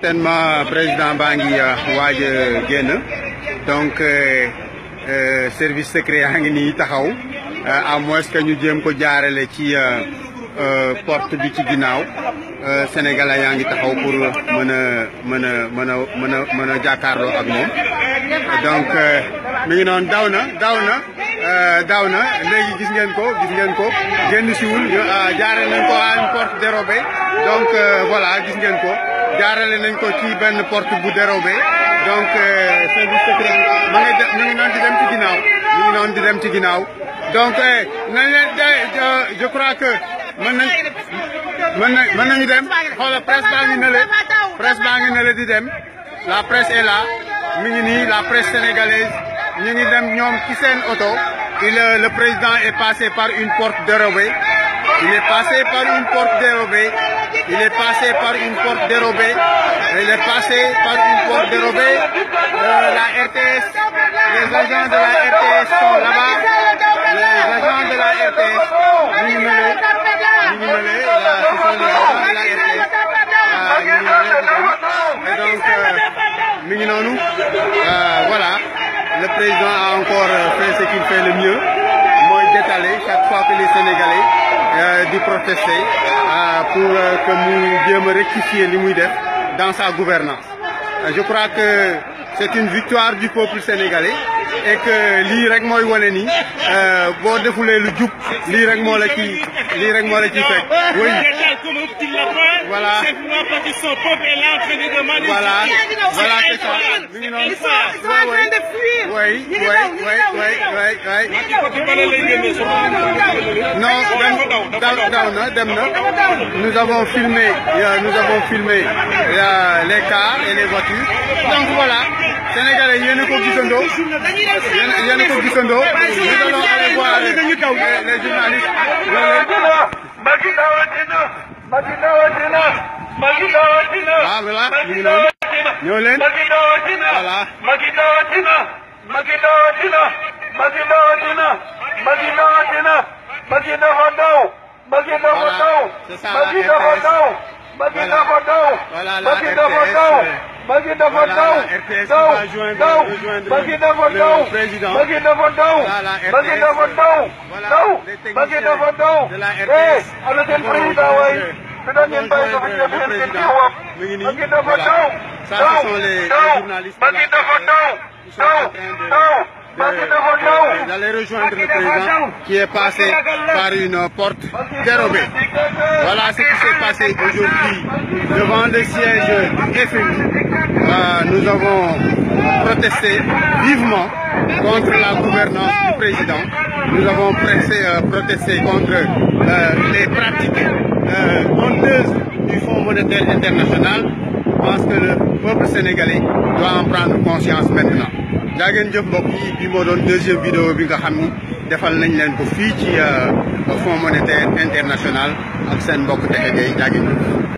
certainement président baa ngi euh, waaj génn donc euh, euh, service secret yaa ngi nii taxaw à moins que ñu jéem ko jaarale ci porte bi ci ginnaaw sénégalais yaa ngi taxaw pour mën a mën a mën a mën a mën a jàkkaarloo ak moom donc mi ngi noonu daw na daw na na léegi gis ngeen ko gis ngeen ko génn siwul jaare nañ ko à une porte dérobée donc voilà gis ngeen ko jaarale nañ ko ci benn port bu dérobé donc euh, service secret ma ngi ñu ngi noonu di dem ci ginnaaw ñu ngi di dem ci ginnaaw donc euh, nañ leen de je crois que mën nañ mën nañ mën nañu dem xoola presse baa ngi nele presse baa ngi nele di dem la presse est là mi ngi nii la presse sénégalaise ñu ngi dem ñoom ci seen oto il euh, le président est passé par une porte dérobée il est passé par une porte dérobée Il est passé par une porte dérobée. Il est passé par une porte dérobée. Euh, la RTS, les agents de la RTS sont là Les agents de la RTS, euh, euh, donc, euh, voilà, le président a encore fait ce qu'il fait le mieux, moins détalé chaque fois que les Sénégalais protesté euh, pour euh, que mu jéem a rectifier li muy def dans sa gouvernance euh, je crois que c'est une victoire du peuple sénégalais et que lii rek mooy wane ni boo defulee lu jub lii rek moo la lii rek moo la ci fekk oui voilà voilà voilà c'est ça mi ngi noonu oui oui oui oui waay waay. non dem daw na dem na. nous avons filmé nous avons filmé les cars et les voitures donc voilà sénégalais yéen a ko gisandoo yéen a ko gisandoo nous allons aller voir les journalistes. Macky dawatina Macky dawatina Macky dawatina. waaw voilà ñu ngi noonu ñëw leen voilà. Macky dawatina Macky dawatina. Macky dawati na Macky dawati na Macky dafa daw Macky dafa daw Macky dafa daw Macky dafa daw Macky dafa daw Macky dafa daw daw daw Macky dafa daw Macky dafa daw Macky dafa daw daw Macky dafa daw eh ana seen président waay te dañ leen bàyyi ko fi def seen seen ci wax Macky dafa daw daw daw Macky dafa daw daw daw d'aller rejoindre le président qui est passé par une porte dérobée. Voilà ce qui s'est passé aujourd'hui devant le siège FMI. Euh, nous avons protesté vivement contre la gouvernance du président. Nous avons euh, protesté contre euh, les pratiques honteuses du Fonds monétaire international. Je que le peuple sénégalais doit en prendre conscience maintenant. daa ngeen jëf mbokk yi bi moo doon deuxième vidéo bi nga xam defal nañ leen ko fii ci euh, fonds monétaire international ak seen mbokk texe day daa